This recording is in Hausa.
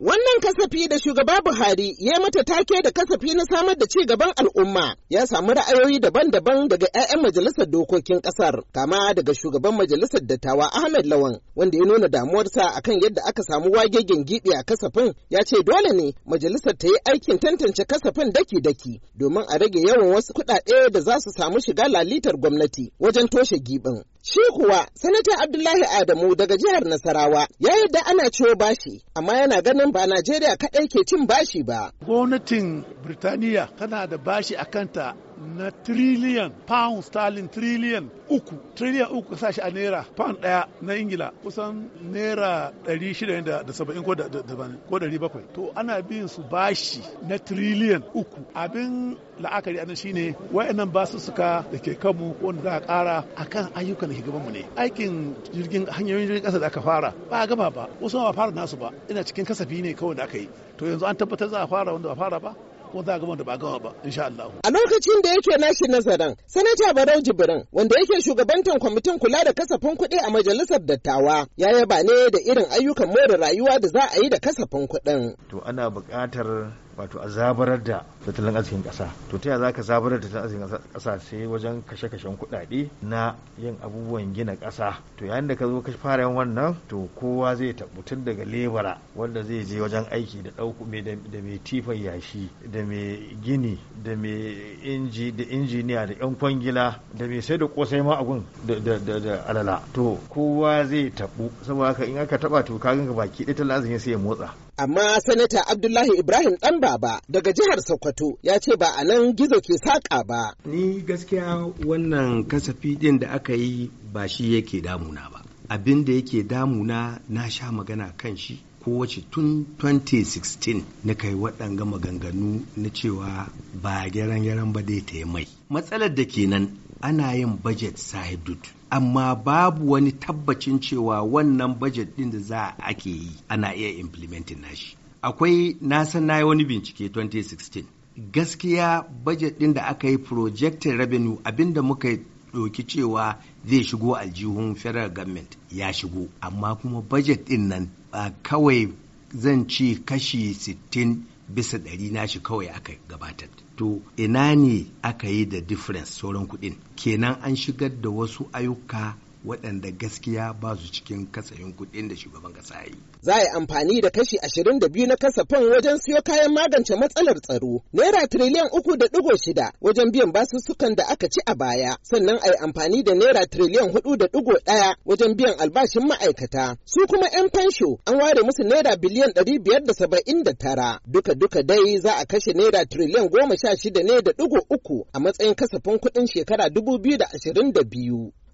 Wannan kasafi da shugaba Buhari ya mata take da kasafi na samar da ci gaban al'umma ya samu ra'ayoyi daban-daban daga 'ya'yan majalisar dokokin kasar kama daga shugaban majalisar dattawa Ahmed Lawan wanda ya nuna damuwarsa akan yadda aka samu wagegen gingibi a kasafin ya ce dole ne majalisar ta yi aikin tantance kasafin daki-daki domin a rage yawan wasu kuɗaɗe da za su samu shiga lalitar gwamnati wajen toshe gibin. Shi kuwa sanata Abdullahi Adamu daga jihar Nasarawa ya yadda ana ciwo bashi amma yana ganin ba Najeriya kaɗai ke cin bashi ba. Gwamnatin Birtaniya tana da bashi a kanta na triliyan pound sterling triliyan uku triliyan uku sa shi a naira pound daya na ingila kusan naira ɗari shida da ko ɗari to ana bin su bashi na triliyan uku abin la'akari anan shine wayannan suka da ke kanmu wanda za a kara akan ayyukan da mu ne aikin jirgin hanyoyin jirgin ƙasa da aka fara ba a gaba ba wasu ba fara nasu ba ina cikin kasafi ne kawai da aka yi to yanzu an tabbatar za a fara wanda ba fara ba ko za a gama da ba gama ba insha Allah. A lokacin da yake nashi nazarin sanata Barau Jibrin wanda yake shugabantan kwamitin kula da kasafin kuɗi a majalisar dattawa ya yaba ne da irin ayyukan more rayuwa da za a yi da kasafin kuɗin. To ana buƙatar wato a zabarar da tattalin arzikin kasa to ta za ka zabarar da tattalin arzikin ƙasa sai wajen kashe-kashen kuɗaɗe na yin abubuwan gina kasa to yayin da ka zo ka fara yin wannan to kowa zai tabbu tun daga lebara wanda zai je wajen aiki da ɗauku da mai tifan yashi da mai gini da mai inji da injiniya da yan kwangila da mai sai da kosai ma abun da alala to kowa zai tabbu saboda haka in aka taba to ka ga baki ɗaya tattalin arzikin sai ya motsa Amma Sanata Abdullahi Ibrahim ɗan baba daga jihar Sokoto ya ce ba a nan gizo ke saƙa ba. Ni gaskiya wannan kasafi ɗin da aka yi ba shi yake damuna ba. Abin da yake damuna na sha magana kan shi ko wace tun 2016 na kai waɗanga maganganu na cewa ba gyaran gyaran ba dai ta mai matsalar da kenan ana yin budget dutu amma babu wani tabbacin cewa wannan budget din da za a ake yi ana iya implementing nashi akwai na san na yi wani bincike 2016 gaskiya budget din da aka yi projected revenue abinda muka ɗauki cewa zai shigo aljihun federal government ya shigo amma kuma budget din nan kawai zan ci kashi 60 bisa ɗari nashi kawai aka gabatar to ina ne aka yi da difference sauran kuɗin kenan an shigar da wasu ayyuka waɗanda gaskiya ba su cikin kasayin kuɗin da shugaban ƙasa yi. Za a yi amfani da kashi ashirin da biyu na kasafin wajen siyo kayan magance matsalar tsaro, naira tiriliyan uku da ɗigo shida wajen biyan basussukan da aka ci a baya, sannan a yi amfani da naira tiriliyan hudu da ɗigo ɗaya wajen biyan albashin ma'aikata. Su kuma 'yan fansho an ware musu naira biliyan ɗari biyar da saba'in da tara. Duka-duka dai za a kashe naira tiriliyan goma sha shida ne da ɗigo uku a matsayin kasafin kuɗin shekara dubu biyu da ashirin da biyu.